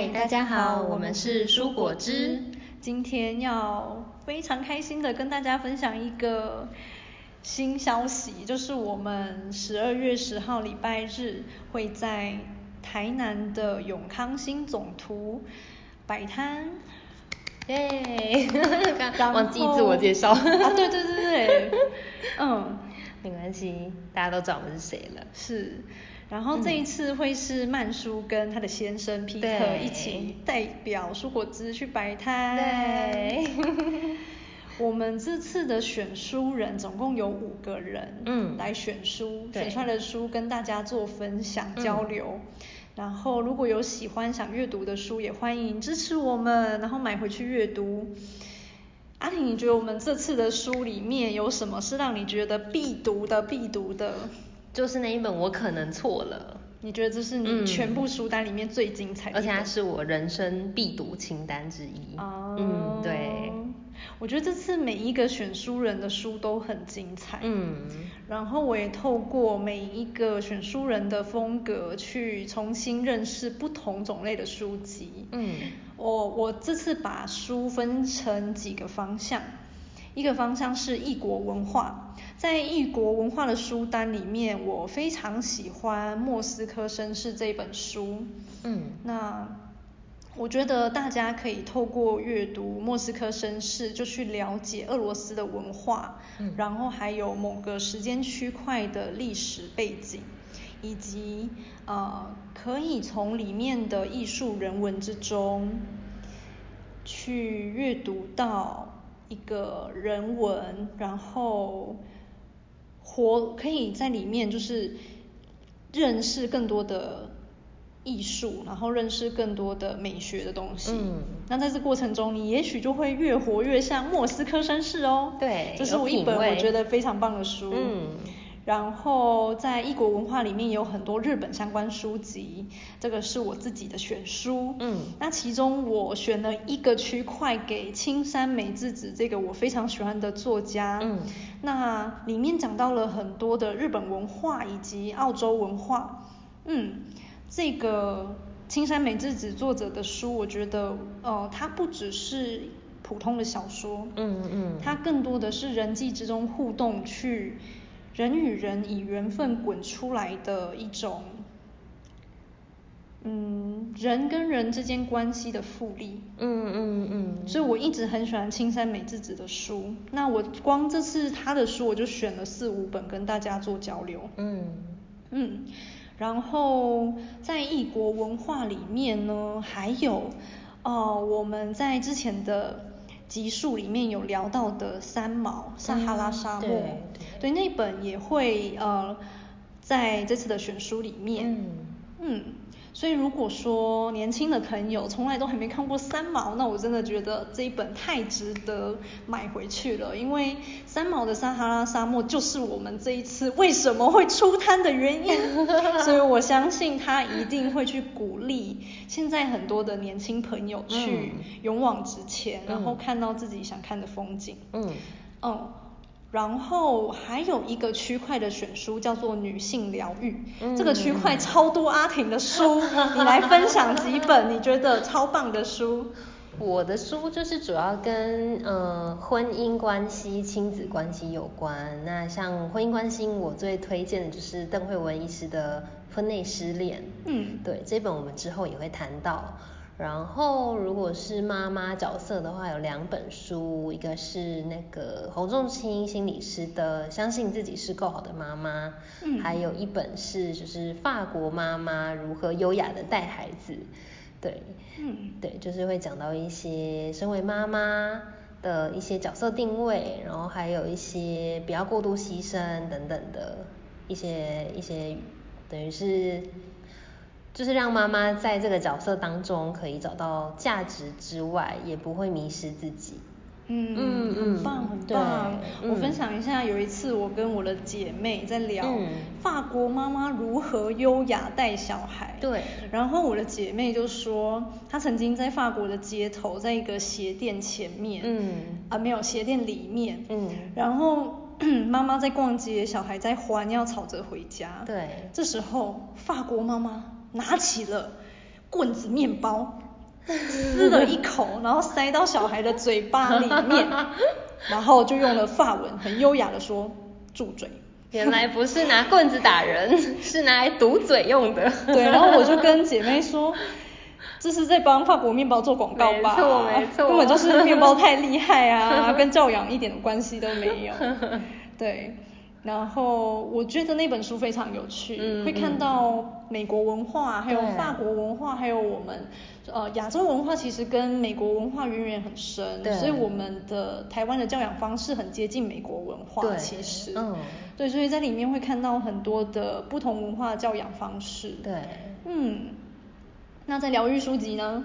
嗨，大家好，我們是書果汁，今天要非常開心的跟大家分享一個新消息，就是我們十二月十號禮拜日會在台南的永康新總圖擺攤，耶對！剛剛 後忘記自我介紹、 啊、對對對對， 嗯，沒關係，大家都知道我是誰了，是。然後這一次會是曼叔跟他的先生皮特一起代表書果汁去擺攤。對。我們這次的選書人總共有五個人，嗯，來選書，選出來的書跟大家做分享交流。然後如果有喜歡想閱讀的書，也歡迎支持我們，然後買回去閱讀。阿婷，你覺得我們這次的書裡面有什麼是讓你覺得必讀的必讀的？就是那一本，我可能錯了。你覺得這是你全部書單裡面最精彩的？嗯，而且它是我人生必讀清單之一。哦，嗯，對。我覺得這次每一個選書人的書都很精彩。嗯。然後我也透過每一個選書人的風格，去重新認識不同種類的書籍。嗯。我我這次把書分成幾個方向。一個方向是異國文化，在異國文化的書單裡面，我非常喜歡《莫斯科紳士》這本書。嗯，那我覺得大家可以透過閱讀《莫斯科紳士》，就去了解俄羅斯的文化，嗯、然後還有某個時間區塊的歷史背景，以及呃，可以從裡面的藝術人文之中去閱讀到。一個人文，然後活可以在裡面就是認識更多的藝術，然後認識更多的美學的東西。嗯，那在這過程中，你也許就會越活越像莫斯科紳士哦。對，這是我一本我覺得非常棒的書。嗯。然後在異國文化裡面有很多日本相關書籍，這個是我自己的選書。嗯，那其中我選了一個區塊給青山美智子，這個我非常喜歡的作家。嗯，那裡面講到了很多的日本文化以及澳洲文化。嗯，這個青山美智子作者的書，我覺得呃，它不只是普通的小說。嗯嗯，嗯它更多的是人際之中互動去。人與人以緣分滾出來的一種，嗯，人跟人之間關係的複利。嗯嗯嗯。嗯嗯，所以我一直很喜歡青山美智子的書。那我光這次她的書我就選了四五本跟大家做交流。嗯嗯。然後在異國文化裡面呢，還有哦，我們在之前的集數裡面有聊到的三毛，撒哈拉沙漠。嗯對，那本也會呃在這次的選書裡面，嗯，嗯，所以如果說年輕的朋友從來都還沒看過三毛，那我真的覺得這一本太值得買回去了，因為三毛的撒哈拉沙漠就是我們這一次為什麼會出攤的原因， 所以我相信他一定會去鼓勵現在很多的年輕朋友去勇往直前，嗯、然後看到自己想看的風景，嗯，哦、嗯。然後還有一個區塊的選書叫做女性療癒，嗯、這個區塊超多阿婷的書，你來分享幾本 你覺得超棒的書。我的書就是主要跟呃婚姻關係、親子關係有關。那像婚姻關係，我最推薦的就是鄧惠文醫師的《婚內失戀》。嗯，對，這本我們之後也會談到。然後，如果是媽媽角色的話，有兩本書，一個是那個洪仲清心理師的《相信自己是夠好的媽媽》，嗯、還有一本是就是法國媽媽如何優雅的帶孩子，對，嗯，對，就是會講到一些身為媽媽的一些角色定位，然後還有一些不要過度犧牲等等的一些一些，等於是。就是讓媽媽在這個角色當中可以找到價值之外，也不會迷失自己。嗯嗯，很棒很棒。很棒對我分享一下，嗯、有一次我跟我的姐妹在聊法國媽媽如何優雅帶小孩。對。然後我的姐妹就說，她曾經在法國的街頭，在一個鞋店前面，嗯啊，沒有鞋店裡面，嗯。然後媽媽在逛街，小孩在歡要吵着回家。對。這時候法國媽媽。拿起了棍子麵包，撕了一口，嗯、然後塞到小孩的嘴巴裡面， 然後就用了法文很優雅的說：“住嘴。”原來不是拿棍子打人， 是拿來堵嘴用的。對，然後我就跟姐妹說：“這是在幫法國麵包做廣告吧？”沒錯，沒錯，根本就是麵包太厲害啊，跟教養一點的關係都沒有。對。然後我覺得那本書非常有趣，嗯、會看到美國文化，嗯、還有法國文化，對還有我們呃亞洲文化，其實跟美國文化淵源很深，對所以我們的台灣的教養方式很接近美國文化，對其實，嗯、對，所以在裡面會看到很多的不同文化教養方式，對，嗯，那在療癒書籍呢？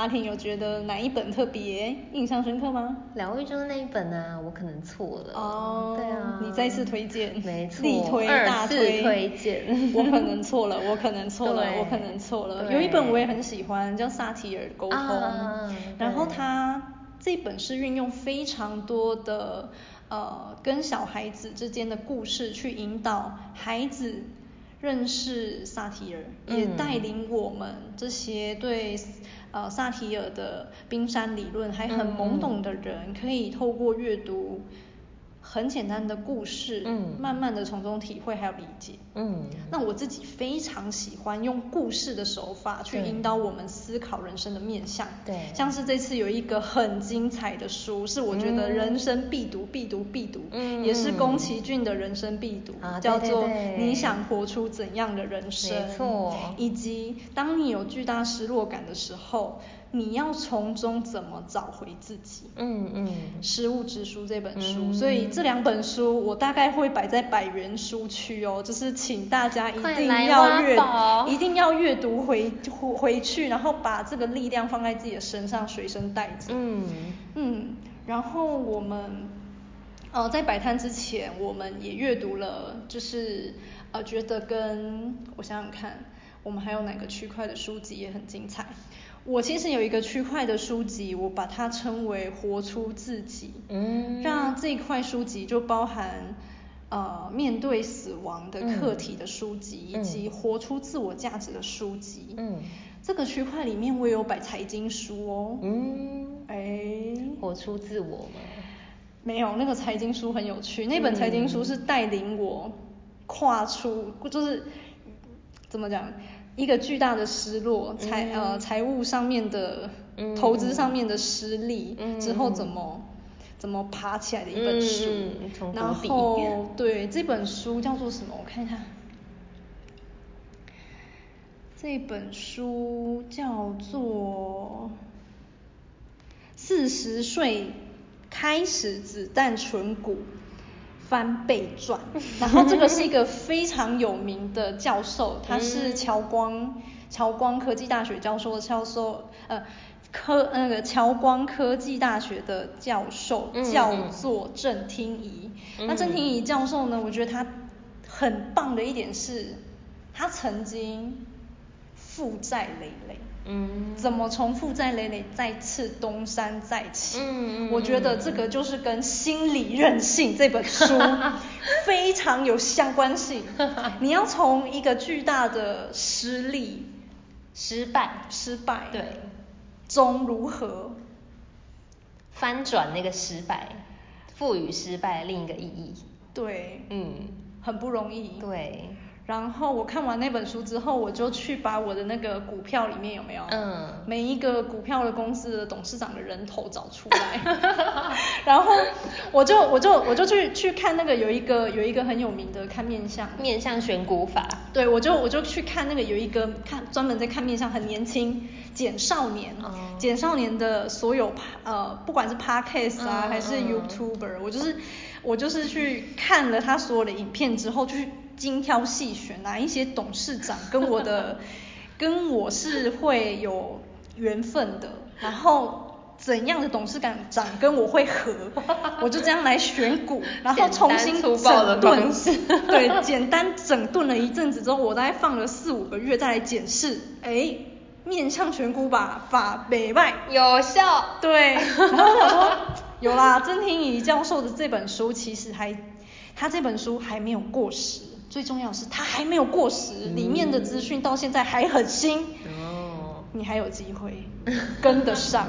阿婷有覺得哪一本特別印象深刻嗎？兩位中的那一本啊，我可能錯了。哦，oh, 對啊，你再次推薦，沒錯，力推大推推薦。我可能錯了，我可能錯了，對我可能錯了。對有一本我也很喜歡，叫《薩提爾溝通》啊，然後它這本是運用非常多的呃跟小孩子之間的故事去引導孩子。認識薩提爾，也帶領我們這些對、嗯、呃薩提爾的冰山理論還很懵懂的人，嗯、可以透過閱讀。很簡單的故事，嗯、慢慢的從中體會還有理解。嗯，那我自己非常喜歡用故事的手法去引導我們思考人生的面向。對，像是這次有一個很精彩的書，對是我覺得人生必讀、必讀、必讀，嗯、也是宮崎駿的人生必讀，嗯、叫做《你想活出怎樣的人生》。沒錯，以及當你有巨大失落感的時候。你要從中怎麼找回自己？嗯嗯，嗯《失物之書》這本書，嗯、所以這兩本書我大概會擺在百元書區哦，就是請大家一定要閱，一定要閱讀回回去，然後把這個力量放在自己的身上隨身帶着。嗯嗯，然後我們呃、哦、在擺攤之前，我們也閱讀了，就是呃覺得跟我想想看，我們還有哪個區塊的書籍也很精彩。我其實有一個區塊的書籍，我把它稱為“活出自己”。嗯，讓這一塊書籍就包含，呃，面對死亡的課題的書籍，嗯、以及活出自我價值的書籍。嗯，這個區塊裡面我有擺財經書哦。嗯，誒，活出自我嗎？沒有，那個財經書很有趣。那本財經書是帶領我跨出，就是怎麼講？一個巨大的失落財呃財務上面的，嗯、投資上面的失利，嗯、之後怎麼怎麼爬起來的一本書，嗯嗯，然後，對，這本書叫做什麼？我看一下，這本書叫做四十歲開始子彈存股。翻倍賺，然後這個是一個非常有名的教授， 他是僑光僑光科技大學教授，教授呃科那個僑光科技大學的教授叫做鄭廳宜。嗯嗯嗯嗯嗯，那鄭廳宜教授呢，我覺得他很棒的一點是，他曾經負債累累。嗯，怎麼從負債累累再次東山再起？嗯嗯，我覺得這個就是跟《心理韌性》這本書非常有相關性。 你要從一個巨大的失利、失敗、失敗，對，中如何翻轉那個失敗，賦予失敗的另一個意義？對，嗯，很不容易。對。然後我看完那本書之後，我就去把我的那個股票裡面有沒有，嗯，每一個股票的公司的董事長的人頭找出來， 然後我就我就我就去去看那個有一個有一個很有名的看面相面相選股法，對，我就、嗯、我就去看那個有一個看專門在看面相很年輕簡少年，簡、嗯、少年的所有呃不管是 podcast 啊、嗯、還是 youtuber，、嗯、我就是我就是去看了他所有的影片之後去。精挑細選、啊，哪一些董事長跟我的 跟我是會有緣分的，然後怎樣的董事長長跟我會合， 我就這樣來選股， 然後重新整頓， 對，簡單整頓了一陣子之後，我大概放了四五個月再來檢視，哎、 欸，面向選股吧，法北外有效，對，然後我說 有啦，曾婷儀教授的這本書其實還，他這本書還沒有過時。最重要的是它還沒有過時，裡面的資訊到現在還很新，你還有機會跟得上。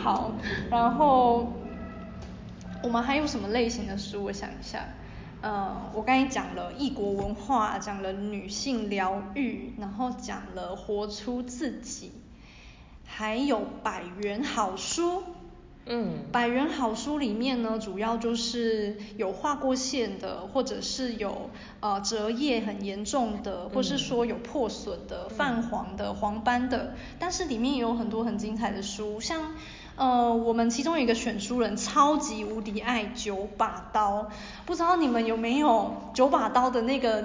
好，然後我們還有什麼類型的書？我想一下，呃，我剛才講了異國文化，講了女性療癒，然後講了活出自己，還有百元好書。嗯，百元好書裡面呢，主要就是有畫過線的，或者是有呃折頁很嚴重的，或者是說有破損的、泛黃的、黃斑的。但是裡面也有很多很精彩的書，像呃我們其中一個選書人超級無敵愛九把刀，不知道你們有沒有九把刀的那個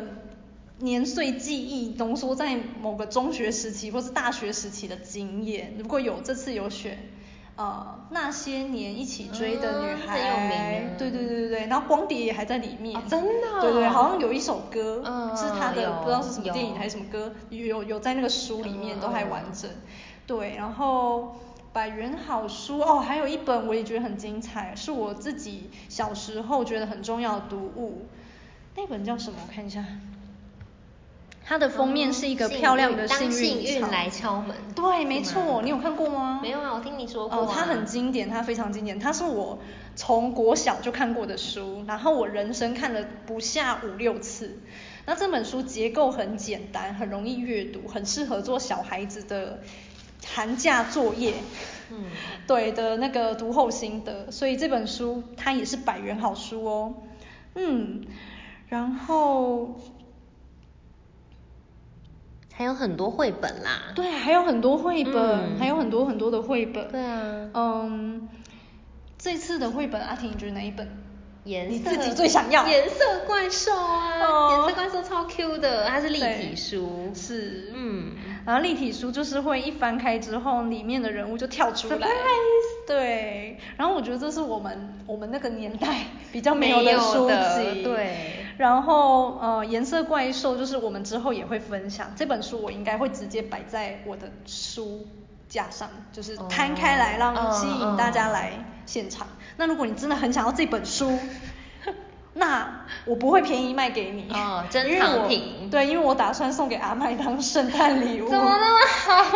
年歲記憶，濃縮在某個中學時期或是大學時期的經驗？如果有，這次有選。呃，那些年一起追的女孩，對、嗯、對對對對，然後光碟也還在裡面，哦、真的、啊，對對，好像有一首歌、嗯、是他的，有、不知道是什麼電影還是什麼歌，有有、有、有在那個書裡面、嗯、都還完整，嗯、對，然後百元好書，哦，還有一本我也覺得很精彩，是我自己小時候覺得很重要的讀物，那本叫什麼？我看一下。它的封面是一個漂亮的幸運草、哦、當幸運來敲門。對，沒錯，嗎你有看過嗎？沒有啊，我聽你說過、啊。哦，它很經典，它非常經典，它是我從國小就看過的書，然後我人生看了不下五六次。那這本書結構很簡單，很容易閱讀，很適合做小孩子的寒假作業。嗯，對的那個讀後心得，所以這本書它也是百元好書哦。嗯，然後。還有很多繪本啦，對，還有很多繪本，嗯、還有很多很多的繪本。對啊，嗯，這次的繪本啊，阿婷你覺得哪一本？顏色。你自己最想要？顏色怪獸啊，哦、顏色怪獸超 Q 的，它是立體書。是，嗯，然後立體書就是會一翻開之後，裡面的人物就跳出來。Surprise！, 對，然後我覺得這是我們我們那個年代比較沒有的書籍，對。然後，呃，顏色怪獸就是我們之後也會分享這本書，我應該會直接擺在我的書架上，就是攤開來讓、oh, 吸引大家來現場。Oh, oh. 那如果你真的很想要這本書，那我不會便宜賣給你，珍藏、oh, 品。對，因為我打算送給阿麥當聖誕禮物。怎麼那麼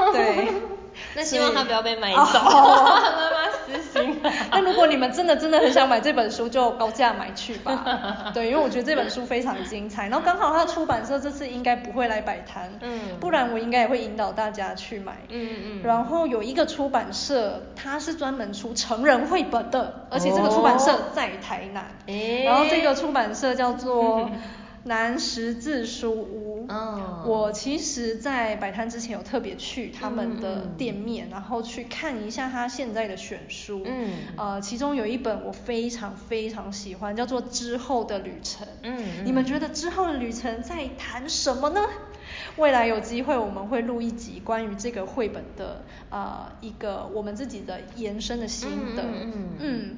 好？對， 那希望他不要被買走。Oh, oh. 執行。那 如果你們真的真的很想買這本書，就高價買去吧。對，因為我覺得這本書非常精彩。然後剛好他的出版社這次應該不會來擺攤，不然我應該也會引導大家去買。然後有一個出版社，他是專門出成人繪本的，而且這個出版社在台南。然後這個出版社叫做。南十字書屋，oh. 我其實，在擺攤之前有特別去他們的店面，嗯嗯、然後去看一下他現在的選書。嗯，呃，其中有一本我非常非常喜歡，叫做《之後的旅程》。嗯，嗯，你們覺得《之後的旅程》在談什麼呢？未來有機會我們會錄一集關於這個繪本的，呃，一個我們自己的延伸的心得。嗯。嗯嗯嗯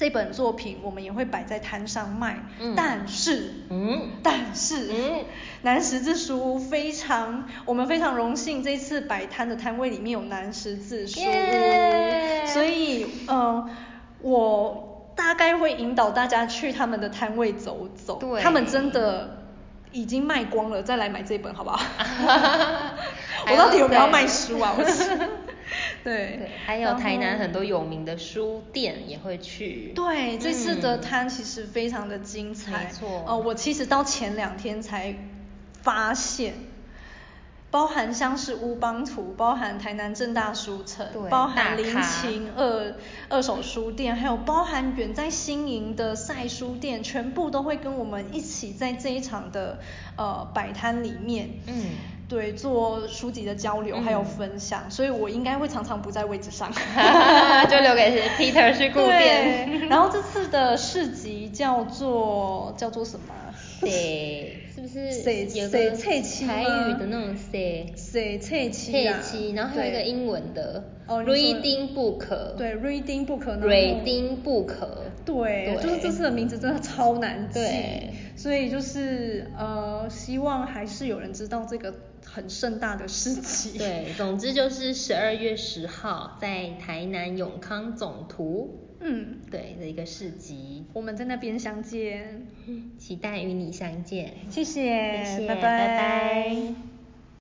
這本作品我們也會擺在攤上賣，嗯、但是，嗯、但是，南、嗯、十字書非常，我們非常榮幸這次擺攤的攤位裡面有南十字書，耶所以，嗯、呃，我大概會引導大家去他們的攤位走走，對他們真的已經賣光了，再來買這本，好不好？啊、好 我到底有沒有賣書啊？對我是對，對，還有台南很多有名的書店也會去。對，嗯、這次的攤其實非常的精彩。沒錯。哦、呃，我其實到前兩天才發現，包含像是烏邦圖，包含台南政大書城，對包含林擒二咖二手書店，還有包含遠在新營的曬書店，全部都會跟我們一起在這一場的呃擺攤裡面。嗯。對，做書籍的交流還有分享，嗯、所以我應該會常常不在位置上， 就留給 Peter 去顧店。對 然後這次的市集叫做叫做什麼？誰？ 是不是有個台語的那種誰？ 市集啊，然後還有一個英文的 reading book，對 reading book，reading book，對，就是這次的名字真的超難記，所以就是呃，希望還是有人知道這個很盛大的市集。對，總之就是十二月十號在台南永康總圖，嗯，對，這一個市集，我們在那邊相見，期待與你相見，謝謝，拜拜。